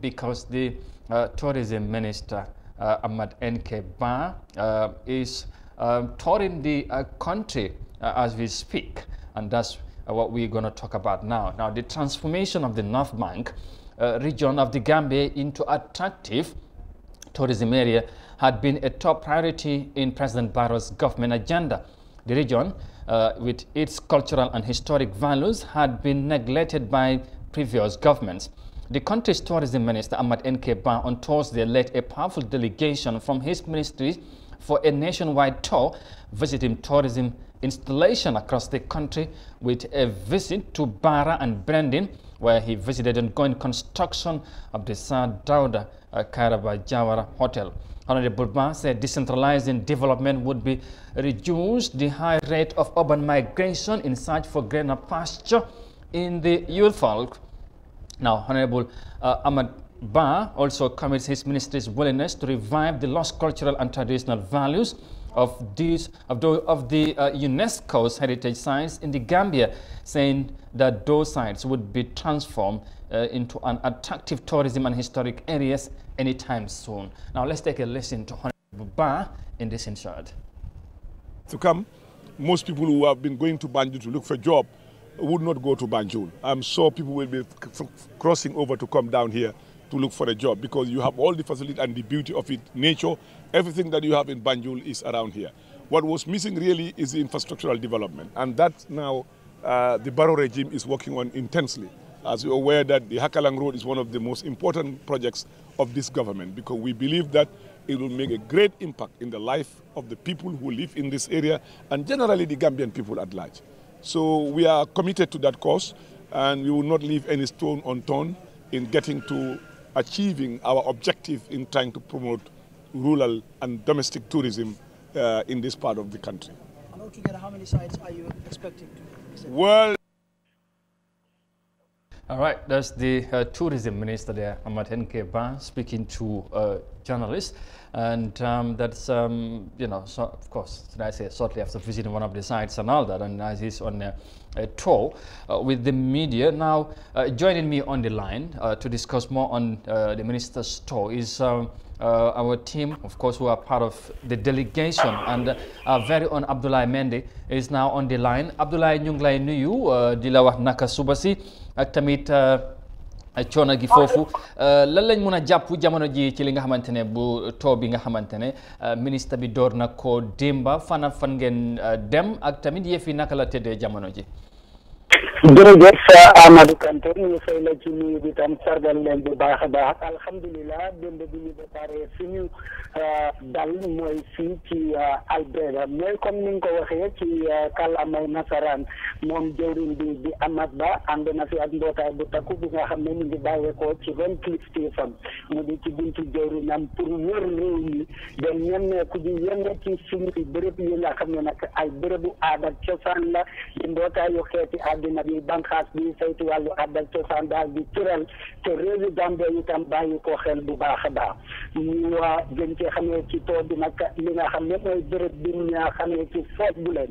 because the uh, tourism minister uh, Ahmad N.K. Ba uh, is um, touring the uh, country uh, as we speak and that's what we're going to talk about now. Now the transformation of the North Bank uh, region of the Gambia into attractive tourism area had been a top priority in President Barrow's government agenda. The region, with its cultural and historic values, had been neglected by previous governments. The country's tourism minister, Ahmad N.K. on Thursday led a powerful delegation from his ministry for a nationwide tour visiting tourism installation across the country with a visit to Barra and Brandon, where he visited ongoing construction of the Sir Dauda uh, Karabajawara Hotel. Honorable Ban said decentralizing development would be reduced the high rate of urban migration in search for greener pasture in the Yulfolk now, Honorable uh, Ahmad Ba also commits his ministry's willingness to revive the lost cultural and traditional values of, these, of, the, of the uh, UNESCO's heritage sites in the Gambia, saying that those sites would be transformed uh, into an attractive tourism and historic areas anytime soon. Now, let's take a listen to Honorable Ba in this insert. To come, most people who have been going to Banjul to look for a job would not go to Banjul. I'm sure people will be crossing over to come down here to look for a job because you have all the facility and the beauty of it, nature, everything that you have in Banjul is around here. What was missing really is the infrastructural development, and that now uh, the Barrow regime is working on intensely. As you're aware that the Hakalang Road is one of the most important projects of this government because we believe that it will make a great impact in the life of the people who live in this area and generally the Gambian people at large. So we are committed to that cause and we will not leave any stone unturned in getting to achieving our objective in trying to promote rural and domestic tourism uh, in this part of the country. And altogether, how many sites are you expecting to visit? Well, all right, that's the uh, tourism minister there, Ahmad Henke speaking to uh, journalist. And um, that's, um, you know, so of course, I say shortly after visiting one of the sites and all that, and as he's on a, uh, a tour uh, with the media. Now, uh, joining me on the line uh, to discuss more on uh, the minister's tour is um, uh, our team, of course, who are part of the delegation, and our very own Abdullah Mende is now on the line. Abdullah, ñu ngi lay nuyu di naka suba coono gi foofu euh, lan lañ mun a jàpp jamono ji ci li nga xamante ne bu taw bi nga xamante ne euh, ministre bi door na ko démba fana fan ngeen euh, dem ak tamit yëf yi naka la tëddee jamono ji jërëjëf euh, Amadou Kanté ñu ngi fay la ci nuyu bi tam sargal leen bu baax a baax alhamdulilah démb bi ñu déparé suñu euh, dal mooy fii ci euh, Albreda mooy comme ni nga ko waxee ci kàllaamay nasaraan moom jëwriñ bi di Amat Ba ànd na fi ak mbootaay bu takku bi nga xam ne ñu ngi bàyyeekoo ci ren kilifteefam mu di ci buntu jëwriñam pour wër réew mi dañ ñemmeeku di yëngu ci suñu béréb yi nga xam ne nag ay bérébu aada cosaan la di mbootaay yu àddina bi Bankhas bi saytu wàllu addal cosaan daal di tëral te réewu Gambie itam bàyyi ko xel bu baax a baax ñu waa gën ci xamee ci tool bi nag li nga xam ne mooy béréb bi nga xamee ci foog bu leen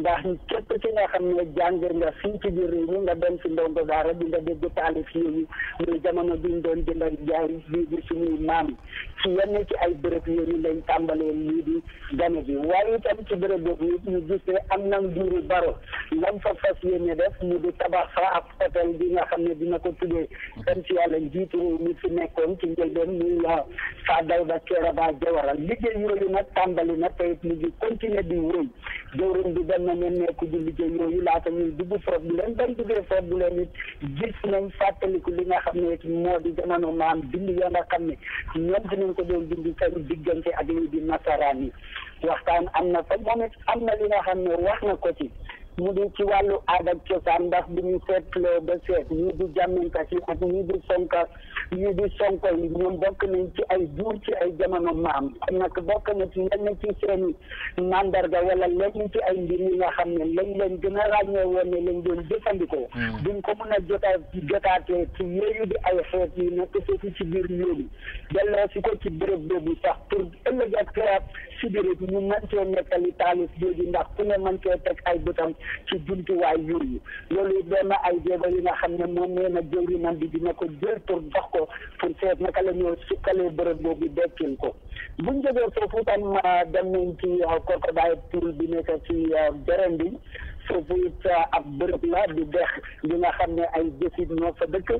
ndax képp ci nga xam ne jàng nga fii ci biir réew mi nga dem si ndongo daara di nga dégg taalif yooyu muy jamono biñ doon jënd ak jaay bi di suñuy maam ci yenn ci ay béréb yooyu lañ tàmbalee lii di gane bi waaye itam ci béréb boobu ñu gis ne am na mbiru baro lam fa fas yéene def mu di tabax fa ak hôtel bi nga xam ne dina ko tuddee kan ci yàlla njiitu réew mi fi nekkoon ci njëlbeen muy Fadawda Kairaba Jawara liggéey yooyu nag tàmbali na te it mu ngi continuer di wéy jawriñ bi dem na nemmeeku ji liggéey yooyu laata ñuy dugg foofu bu leen bañ duggee foofu bu leen it gis nañ fàttaliku li nga xam ne it moo di jamono maam bind ya nga xam ne ñoom dinañ ko di bind seen diggante ak lii di nasaraan yi waxtaan am na fa moom am na li nga xam ne wax na ko ci mu di ci wàllu aada cosaan ndax bu ñu seetloo ba seet ñii di jàmminkas yi ak ñii di sonkas ñii di sonko yi ñoom bokk nañ ci ay duur ci ay jamono maam nag bokk na ci lenn ci seeni mandarga wala lenn ci ay mbir yi nga xam ne lañ leen gën a ràññee woon ne lañ doon jëfandikoo hmm. duñ ko mën a jotaa jotaatee ci yooyu di ay xeet yi nekk foofu ci biir loolu delloo si ko ci béréb boobu sax pour ëllëg ak si biir ñu mën cee nekkali taalif jooju ndax ku ne mën cee teg ay bëtam ci jumtuwaay yooyu loolu doon na ay jéego yi nga xam ne moom nee na jëwriñam bi dina ko jël pour jox ko pour seet naka la ñoo sukkalee bërëb boobu dekkil ko buñ jógee foofu itam ah, dem nañ ci ah, Korkobaay Tool bi nekk ci Jeren ah, bi foofu it ab bërëb la di dex li nga xam ne ay jësit ñoo fa dëkk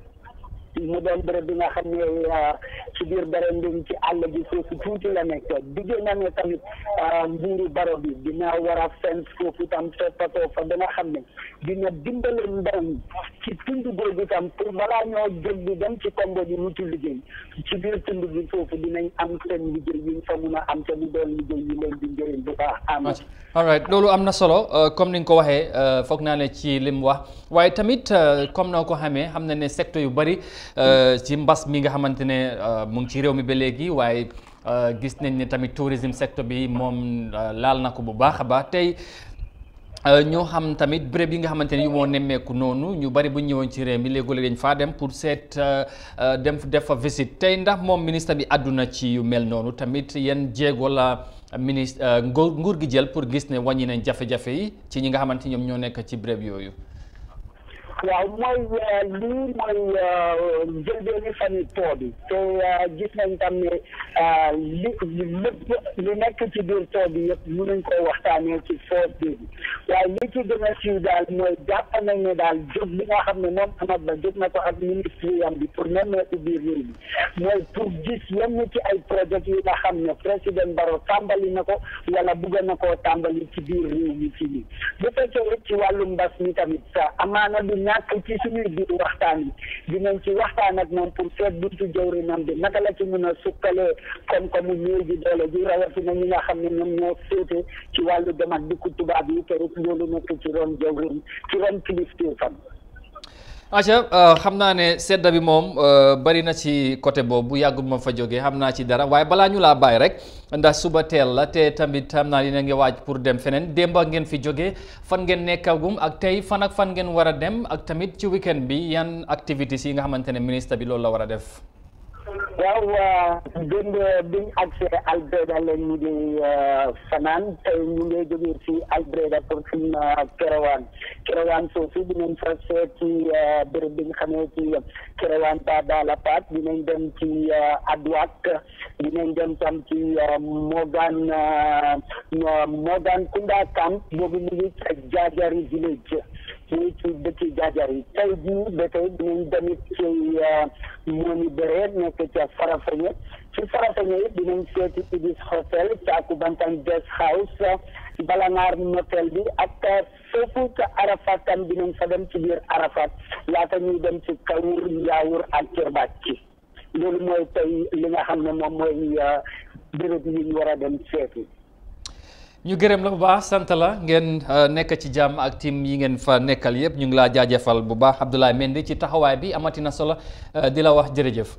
mu doon bërëb bi nga xam ne euh, ci biir bërëb bi ci àll bi foofu tuuti la nekk digg na ne tamit euh, mbuuru baro bi dina war a fenn foofu tam toppatoo fa ba xam ne dina dimbale ndaw ñi ci tund googu tam pour balaa ñoo jóg bi dem ci kombo bi wuti liggéey ci biir tund bi foofu dinañ am seen liggéey yuñ fa mun a am te liggéey yu leen di njëriñ bu baax am all loolu am na solo euh, comme ni nga ko waxee foog naa ne ci lim wax waaye tamit comme noo ko xamee na ne secteur yu bari Euh, ci mbas mi nga xamante ne euh, mu ngi ci réew mi ba léegi waaye euh, gis nañ ne tamit tourisme secteur bi moom laal na ko bu baax a baax tey ñoo xam tamit béréb yi nga xamante ne yu moo nemmeeku noonu ñu bari bu ñëwoon ci réew mi la dañ faa dem pour seet dem def fa visite tey ndax moom ministre bi àdduna ci yu mel noonu tamit yan jéego la ministre nguur gi jël pour gis ne wàññi nañ jafe-jafe yi ci ñi nga xamante ñoom ñoo nekk ci béréb yooyu. waaw mooy euh, lii mooy njëlbeeni euh, fan too bi te euh, gis nañ tam ne li lépp li nekk ci biir too bi yëpp mënuñ koy waxtaanee ci foos bi waaye li ci gën a siiw daal mooy jàpp nañ ne daal jóg bi nga xam ne moom Amat Bah jóg na ko ak yam bi pour nemmeeku biir réew bi mooy pour gis yenn ci ay projet yi nga xam ne président Barrow tàmbali na ko wala bugg na koo tàmbali ci biir réew mi ci bi bu fekkee mi tamit sa amaana du ñàkk ci suñuy biir waxtaan yi dinañ ci waxtaan ak moom pour seet buntu jawrinam bi naka la ci mën a sukkalee koom-koomu néew ji doole ji rawatina ñi nga xam ne ñoom ñoo féete ci wàllu dem ak dikku tubaab yi te rek loolu nekk ci ron jawrin ci ron kilifteefam aca euh, xam naa ne sedda bi moom euh, bari na ci côté boobu yàggul ma fa jógee xam naa ci dara waaye balaa ñu laa bàyyi rek ndax suba teel la te tamit xam naa dina ngi waaj pour dem feneen démb a ngeen fi jóge fan ngeen nekkagum ak tey fan ak fan ngeen war a dem ak tamit ci weekend bi yan activités yi nga xamante ne ministre bi loolu la war a def waaw démb biñ agsee Albreda la ñu di euh, fanaan tey ñu ngi jógee ci Albreda pour suñu euh, kerewaan kerewaan soosu dinañ fa seet ci euh, béréb bi nga xamee ci kerewaan ba daala paat dinañ dem ci Adwak dinañ dem tam ci Mogan Mogan Kunda Camp boobu mu ngi ca village ci ci dëkki jaajar yi tey jii ba tey dinañ demit ci euh, moom i bëree nekk ca Farafeñe ci Farafeñe yi dinañ seeti Ibis Hotel Taakubantan Guest House Balanaar motel bi ak foofu euh, ca Arafat tam dinañ fa dem ci biir Arafat laata ñuy dem ci Kawur Njaawur ak Kirbacci loolu mooy tey li nga xam ne moom mooy euh, béréb yi ñu war a dem seeti ñu gërëm la bu baax sant la ngeen euh, nekk ci jàmm ak tim yi ngeen fa nekkal yépp ñu ngi laa jaajëfal bu baax Abdoulaye Mendy ci taxawaay bi amatina solo euh, di la wax jërëjëf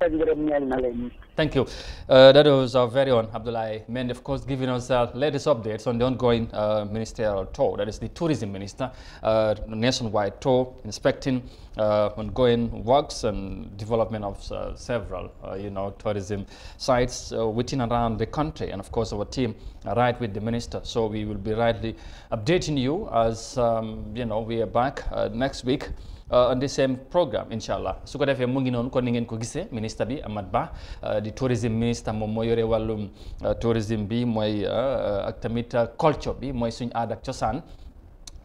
Thank you. Uh, that was our very own Abdullah and of course, giving us uh, latest updates on the ongoing uh, ministerial tour. That is the tourism minister, uh, nationwide tour, inspecting uh, ongoing works and development of uh, several, uh, you know, tourism sites within and around the country. And of course, our team are right with the minister. So we will be rightly updating you as, um, you know, we are back next week. Uh, on the same programme incha allah su ko defee mu ngi noonu kon ni ngeen ko gisee ministre bi Amat ba uh, di tourisme ministre moom moo yore wàllum uh, tourisme bi mooy ak tamit culture bi mooy suñu aada ak cosaan.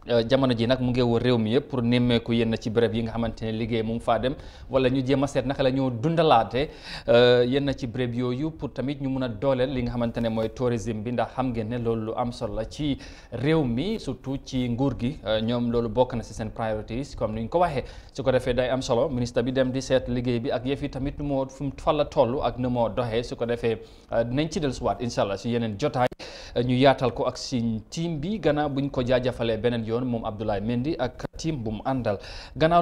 Euh, jamono ji nag mu ngi wër réew mi yëpp pour nemmeeku yenn ci béréb yi nga xamante ne liggéey mu ngi faa dem wala ñu jéem a seet naka la ñoo dundalaate euh, yenn ci béréb yooyu pour tamit ñu mun a dooleel li nga xamante ne mooy tourisme bi ndax xam ngeen ne loolu lu am solo la ci réew mi surtout ci nguur gi euh, ñoom loolu bokk na si seen priorities comme ni ñu ko waxee su ko defee day am solo ministre bi dem di seet liggéey bi ak yëf yi tamit nu moo fu mu fa la toll ak nu moo doxee su ko defee nañ ci dellusiwaat incha allah si yeneen jotaay ñu yaatal ko ak si siñ team bi bu ñu ko jaajëfalee beneen yoon moom Abdoulaye Mendy ak team bu mu àndal gannaaw